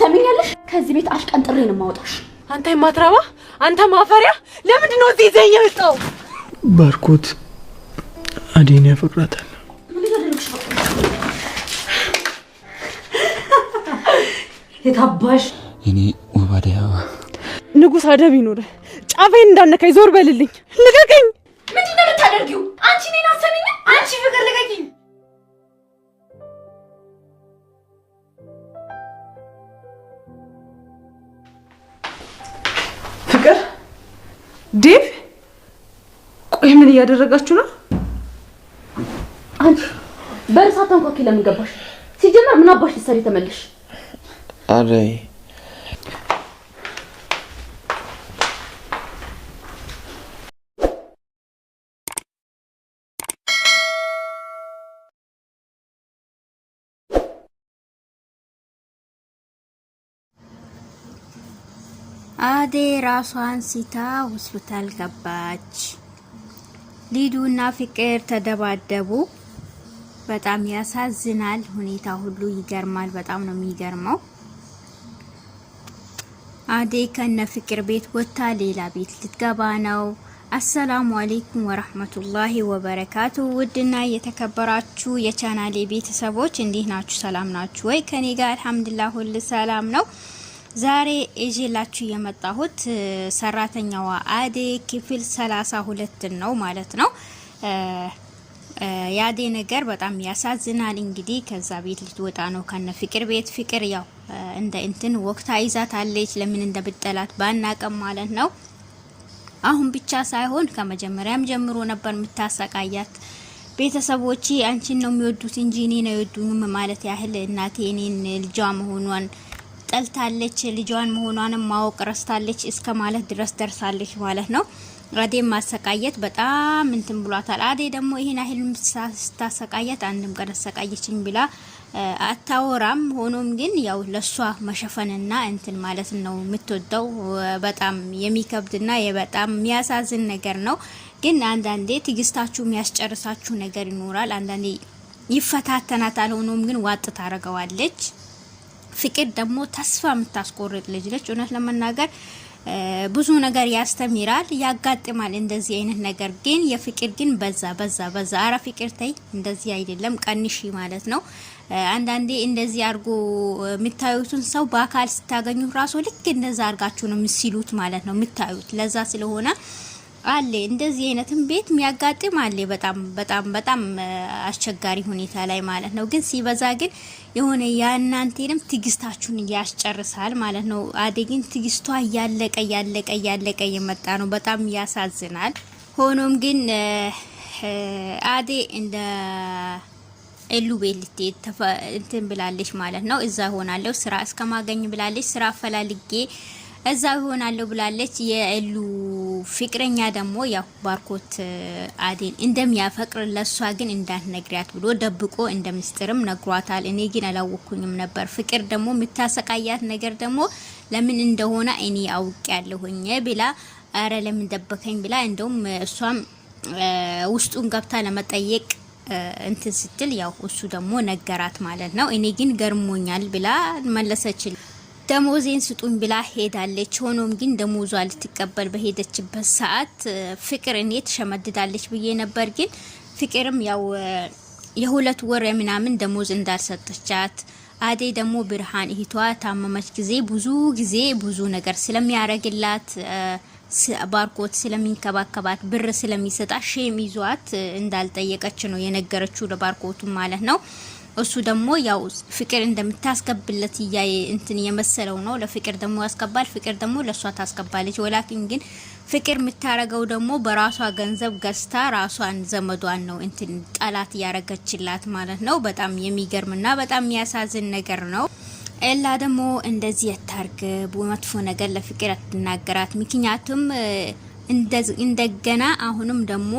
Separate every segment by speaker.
Speaker 1: ሰሚኛለሽ? ከዚህ ቤት አሽቀንጥሬ ነው የማወጣሽ።
Speaker 2: አንተ የማትረባ አንተ ማፈሪያ፣ ለምንድን ነው እዚህ ይዘኸኝ የመጣው?
Speaker 3: ባርኮት አዴን ያፈቅራታል። የታባሽ እኔ ወባዳያ
Speaker 2: ንጉሥ አደብ ይኖረ ጫፌን እንዳነካኝ ዞር በልልኝ፣ ልቀቀኝ።
Speaker 1: ምንድን ነው የምታደርጊው አንቺ? እኔን አሰሚኝ አንቺ ፍቅር
Speaker 2: ዴቭ ቆይ ምን እያደረጋችሁ ነው?
Speaker 1: አንቺ በእርሳት ተንኳኪ ለምን ገባሽ? ሲጀመር ምን አባሽ ልትሰሪ ተመለሽ?
Speaker 3: አይ
Speaker 4: አዴ ራሷን ሲታ ሆስፒታል ገባች። ሊዱና ፍቅር ተደባደቡ። በጣም ያሳዝናል። ሁኔታ ሁሉ ይገርማል። በጣም ነው የሚገርመው። አዴ ከነ ፍቅር ቤት ወጥታ ሌላ ቤት ልትገባ ነው። አሰላሙ አሌይኩም ወረህመቱላሂ ወበረካቱ። ውድና የተከበራችሁ የቻናሌ ቤተሰቦች እንዲህ ናችሁ? ሰላም ናችሁ ወይ? ከኔ ጋር አልሐምዱሊላህ ሁል ሰላም ነው። ዛሬ ይዤላችሁ የመጣሁት ሰራተኛዋ አዴ ክፍል ሰላሳ ሁለትን ነው ማለት ነው። የአደይ ነገር በጣም ያሳዝናል። እንግዲህ ከዛ ቤት ልትወጣ ነው ከነ ፍቅር ቤት። ፍቅር ያው እንደ እንትን ወቅታ ይዛት አለች። ለምን እንደብጠላት ባናቀም ማለት ነው። አሁን ብቻ ሳይሆን ከመጀመሪያም ጀምሮ ነበር የምታሰቃያት። ቤተሰቦቼ አንቺን ነው የሚወዱት እንጂ እኔ ነው አይወዱኝም ማለት ያህል እናቴ እኔን ልጇ መሆኗን ጠልታለች፣ ልጇን መሆኗንም ማወቅ ረስታለች እስከ ማለት ድረስ ደርሳለች ማለት ነው። አዴ ማሰቃየት በጣም እንትን ብሏታል። አዴ ደግሞ ይሄን አይል ስታሰቃየት አንድም ቀን አሰቃየችኝ ብላ አታወራም። ሆኖም ግን ያው ለሷ መሸፈንና እንትን ማለት ነው የምትወደው። በጣም የሚከብድና በጣም የሚያሳዝን ነገር ነው። ግን አንዳንዴ ትዕግስታችሁ የሚያስጨርሳችሁ ነገር ይኖራል። አንዳንዴ ይፈታተናታል። ሆኖም ግን ዋጥ ታረገዋለች። ፍቅር ደግሞ ተስፋ የምታስቆርጥ ልጅ ነች። እውነት ለመናገር ብዙ ነገር ያስተምራል፣ ያጋጥማል እንደዚህ አይነት ነገር ግን የፍቅር ግን በዛ በዛ በዛ። አረ ፍቅር ተይ፣ እንደዚህ አይደለም ቀንሺ ማለት ነው። አንዳንዴ እንደዚህ አርጎ የምታዩትን ሰው በአካል ስታገኙ ራሱ ልክ እንደዛ አድርጋችሁ ነው የምትስሉት ማለት ነው የምታዩት ለዛ ስለሆነ አለ እንደዚህ አይነትም ቤት የሚያጋጥም አለ። በጣም በጣም በጣም አስቸጋሪ ሁኔታ ላይ ማለት ነው። ግን ሲበዛ ግን የሆነ የእናንተንም ትግስታችሁን ያስጨርሳል ማለት ነው። አደይ ግን ትግስቷ እያለቀ እያለቀ እያለቀ እየመጣ ነው። በጣም ያሳዝናል። ሆኖም ግን አደይ እንደ ኤሉ ተፈ እንትን ብላለች ማለት ነው። እዛ ሆናለሁ ስራ እስከማገኝ ብላለች። ስራ አፈላልጌ እዛው ይሆናለሁ ብላለች። የእሉ ፍቅረኛ ደግሞ ያው ባርኮት አዴን እንደሚያፈቅር ለሷ ግን እንዳትነግሪያት ብሎ ደብቆ እንደ ምስጢርም ነግሯታል። እኔ ግን አላወኩኝም ነበር። ፍቅር ደግሞ የምታሰቃያት ነገር ደግሞ ለምን እንደሆነ እኔ አውቅ ብላ አረ ለምን ደበከኝ ብላ እንደውም እሷም ውስጡን ገብታ ለመጠየቅ እንትን ስትል ያው እሱ ደግሞ ነገራት ማለት ነው። እኔ ግን ገርሞኛል ብላ መለሰችል። ደሞዜን ስጡኝ ብላ ሄዳለች። ሆኖም ግን ደሞዟ ልትቀበል በሄደችበት ሰዓት ፍቅር እኔ ትሸመድዳለች ብዬ ነበር። ግን ፍቅርም ያው የሁለት ወር ምናምን ደሞዝ እንዳልሰጠቻት አዴ ደግሞ ብርሃን እህቷ ታመመች ጊዜ ብዙ ጊዜ ብዙ ነገር ስለሚያረግላት ባርኮት ስለሚንከባከባት ብር ስለሚሰጣ ሼም ይዟት እንዳልጠየቀች ነው የነገረችው ለባርኮቱ ማለት ነው። እሱ ደግሞ ያው ፍቅር እንደምታስገብለት እያየ እንትን የመሰለው ነው። ለፍቅር ደግሞ ያስገባል፣ ፍቅር ደግሞ ለእሷ ታስገባለች። ወላኪን ግን ፍቅር የምታረገው ደግሞ በራሷ ገንዘብ ገዝታ ራሷን ዘመዷን ነው እንትን ጠላት እያረገችላት ማለት ነው። በጣም የሚገርምና በጣም የሚያሳዝን ነገር ነው። ኤላ ደግሞ እንደዚህ የታርግ መጥፎ ነገር ለፍቅር አትናገራት፣ ምክንያቱም እንደገና አሁንም ደግሞ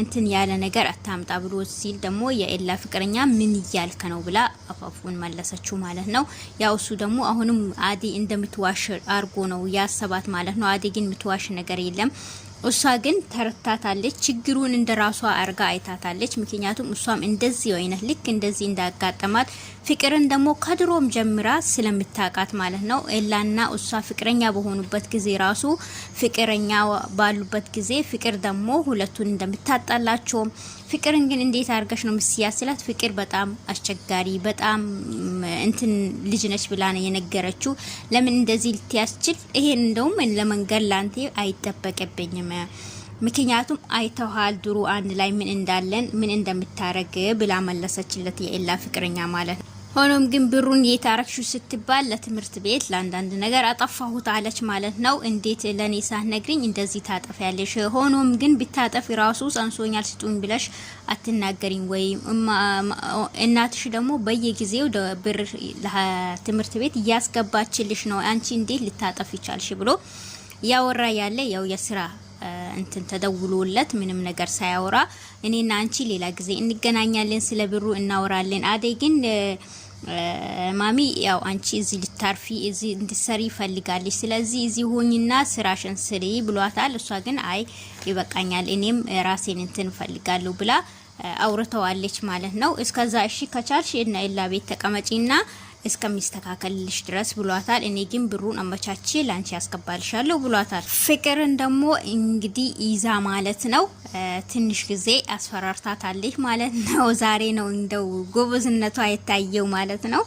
Speaker 4: እንትን ያለ ነገር አታምጣ ብሎ ሲል ደግሞ የኤላ ፍቅረኛ ምን እያልከ ነው ብላ አፋፉን መለሰችው ማለት ነው። ያው እሱ ደግሞ አሁንም አዴ እንደምትዋሽ አርጎ ነው ያሰባት ማለት ነው። አዴ ግን የምትዋሽ ነገር የለም። እሷ ግን ተረታታለች። ችግሩን እንደ ራሷ አርጋ አይታታለች። ምክንያቱም እሷም እንደዚህ አይነት ልክ እንደዚህ እንዳጋጠማት ፍቅርን ደግሞ ከድሮም ጀምራ ስለምታውቃት ማለት ነው። ኤላና እሷ ፍቅረኛ በሆኑበት ጊዜ ራሱ ፍቅረኛ ባሉበት ጊዜ ፍቅር ደግሞ ሁለቱን እንደምታጣላቸውም ፍቅርን ግን እንዴት አድርገሽ ነው ምስያ ስላት ፍቅር በጣም አስቸጋሪ በጣም እንትን ልጅ ነች ብላ ነው የነገረችው። ለምን እንደዚህ ልትያስችል ይሄን እንደውም ለመንገድ ላንቴ አይጠበቅብኝም ምክንያቱም አይተውሃል ድሮ አንድ ላይ ምን እንዳለን ምን እንደምታረግ ብላ መለሰችለት የኤላ ፍቅረኛ ማለት ነው። ሆኖም ግን ብሩን የታረክሹ ስትባል ለትምህርት ቤት ለአንዳንድ ነገር አጠፋሁት አለች ማለት ነው። እንዴት ለእኔ ሳትነግሪኝ እንደዚህ ያለሽ? ሆኖም ግን ብታጠፊ ራሱ ጸንሶኛል ስጡኝ ብለሽ አትናገሪኝ ወይም እናትሽ ደግሞ በየጊዜው ብር ትምህርት ቤት እያስገባችልሽ ነው፣ አንቺ እንዴት ልታጠፍ ይቻልሽ ብሎ እያወራ ያለ ያው የስራ እንትን ተደውሎለት ምንም ነገር ሳያወራ እኔና አንቺ ሌላ ጊዜ እንገናኛለን፣ ስለ ብሩ እናወራለን። አደይ ግን ማሚ ያው አንቺ እዚህ ልታርፊ እዚህ እንድትሰሪ ይፈልጋለች። ስለዚህ እዚህ ሆኝና ስራሽን ስሪ ብሏታል። እሷ ግን አይ ይበቃኛል፣ እኔም ራሴን እንትን እፈልጋለሁ ብላ አውርተዋለች ማለት ነው። እስከዛ እሺ ከቻልሽ እና ኤላ ቤት ተቀመጪና እስከሚስተካከልልሽ ድረስ ብሏታል። እኔ ግን ብሩን አመቻቼ ላንቺ ያስገባልሻለሁ ብሏታል። ፍቅርን ደግሞ እንግዲህ ይዛ ማለት ነው ትንሽ ጊዜ አስፈራርታታለች ማለት ነው። ዛሬ ነው እንደው ጎበዝነቷ የታየው ማለት ነው።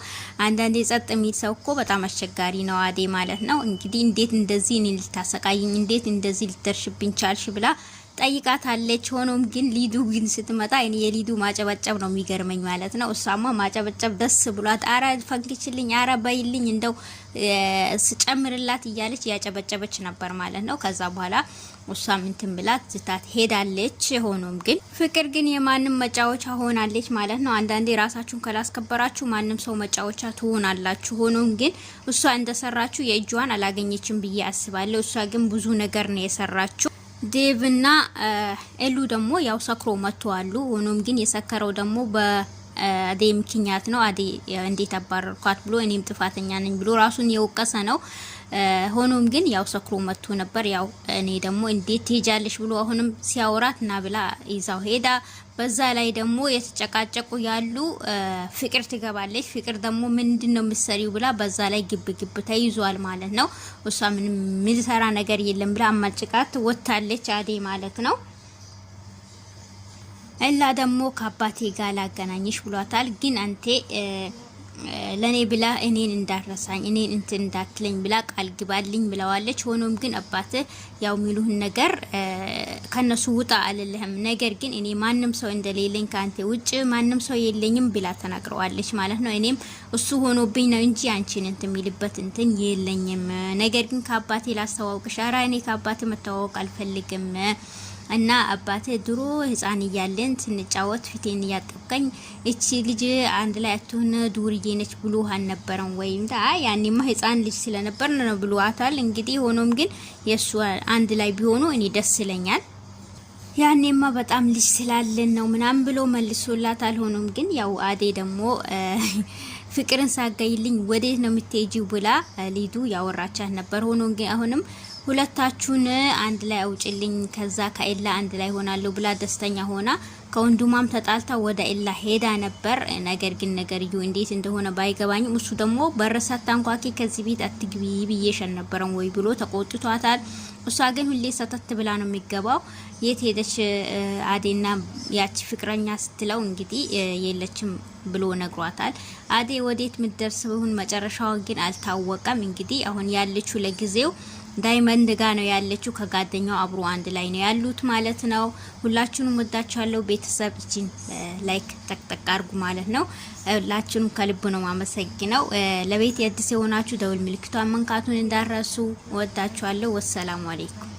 Speaker 4: አንዳንዴ ጸጥ የሚል ሰው እኮ በጣም አስቸጋሪ ነው አዴ ማለት ነው። እንግዲህ እንዴት እንደዚህ እኔ ልታሰቃይኝ፣ እንዴት እንደዚህ ልደርሽብኝ ቻልሽ ብላ ጠይቃታለች። ሆኖም ግን ሊዱ ግን ስትመጣ እኔ የሊዱ ማጨበጨብ ነው የሚገርመኝ ማለት ነው። እሷማ ማጨበጨብ ደስ ብሏት፣ አረ ፈንክችልኝ፣ አረ በይልኝ፣ እንደው ስጨምርላት እያለች እያጨበጨበች ነበር ማለት ነው። ከዛ በኋላ እሷም እንትን ብላት ዝታት ሄዳለች። ሆኖም ግን ፍቅር ግን የማንም መጫወቻ ሆናለች ማለት ነው። አንዳንዴ ራሳችሁን ካላስከበራችሁ ማንም ሰው መጫወቻ ትሆናላችሁ። ሆኖም ግን እሷ እንደሰራችሁ የእጇን አላገኘችም ብዬ አስባለሁ። እሷ ግን ብዙ ነገር ነው የሰራችሁ። ዴቭ እና ኤሉ ደግሞ ያው ሰክሮ መጥተዋሉ። ሆኖም ግን የሰከረው ደግሞ በአዴ ምክንያት ነው። አዴ እንዴት አባረርኳት ብሎ እኔም ጥፋተኛ ነኝ ብሎ ራሱን የወቀሰ ነው። ሆኖም ግን ያው ሰክሮ መጥቶ ነበር። ያው እኔ ደግሞ እንዴት ትሄጃለሽ ብሎ አሁንም ሲያወራት ና ብላ ይዛው ሄዳ በዛ ላይ ደግሞ የተጨቃጨቁ ያሉ ፍቅር ትገባለች። ፍቅር ደግሞ ምንድን ነው የምትሰሪው ብላ በዛ ላይ ግብ ግብ ተይዟል ማለት ነው። እሷ ምንም የምትሰራ ነገር የለም ብላ አማጭቃት ወታለች አዴ ማለት ነው። እላ ደግሞ ከአባቴ ጋር ላገናኝሽ ብሏታል። ግን አንቴ ለእኔ ብላ እኔን እንዳረሳኝ እኔን እንትን እንዳትለኝ ብላ ቃል ግባልኝ ብለዋለች። ሆኖም ግን አባት ያው ሚሉህን ነገር ከነሱ ውጣ አልልህም። ነገር ግን እኔ ማንም ሰው እንደሌለኝ ከአንተ ውጭ ማንም ሰው የለኝም ብላ ተናግረዋለች ማለት ነው። እኔም እሱ ሆኖብኝ ነው እንጂ አንቺን እንትን የሚልበት እንትን የለኝም። ነገር ግን ከአባቴ ላስተዋውቅሽ። ኧረ እኔ ከአባቴ መተዋወቅ አልፈልግም እና አባቴ ድሮ ህፃን እያለን ስንጫወት ፊቴን እያጠብቀኝ እቺ ልጅ አንድ ላይ አትሆን ዱርዬ ነች ብሎ አልነበረም ወይም ያኔማ ህፃን ልጅ ስለነበር ነው ብሏታል። እንግዲህ ሆኖም ግን የእሱ አንድ ላይ ቢሆኑ እኔ ደስ ይለኛል። ያኔማ በጣም ልጅ ስላለን ነው ምናምን ብሎ መልሶላታል። ሆኖም ግን ያው አዴ ደግሞ ፍቅርን ሳጋይልኝ ወዴት ነው የምትሄጂው ብላ ሊዱ ያወራቻት ነበር። ሆኖም ግን አሁንም ሁለታችሁን አንድ ላይ አውጭልኝ ከዛ ከኤላ አንድ ላይ ሆናለሁ ብላ ደስተኛ ሆና ከወንድሟም ተጣልታ ወደ ኢላ ሄዳ ነበር። ነገር ግን ነገርዩ እንዴት እንደሆነ ባይገባኝም እሱ ደግሞ በረሳት ታንኳኪ ከዚህ ቤት አትግቢ ብዬሽን ነበረን ወይ ብሎ ተቆጥቷታል። እሷ ግን ሁሌ ሰተት ብላ ነው የሚገባው። የት ሄደች አዴና ያቺ ፍቅረኛ ስትለው እንግዲህ የለችም ብሎ ነግሯታል። አዴ ወዴት ብሁን መጨረሻው ግን አልታወቀም። እንግዲህ አሁን ያለችው ለጊዜው ዳይመንድ ጋ ነው ያለችው። ከጓደኛው አብሮ አንድ ላይ ነው ያሉት ማለት ነው። ሁላችሁንም ወዳችኋለሁ ቤት ቤተሰብ እቺን ላይክ ጠቅጠቅ አድርጉ ማለት ነው። ሁላችሁንም ከልብ ነው ማመሰግነው። ለቤት የአዲስ የሆናችሁ ደውል ምልክቷን መንካቱን እንዳረሱ። ወዳችኋለሁ። ወሰላሙ አሌይኩም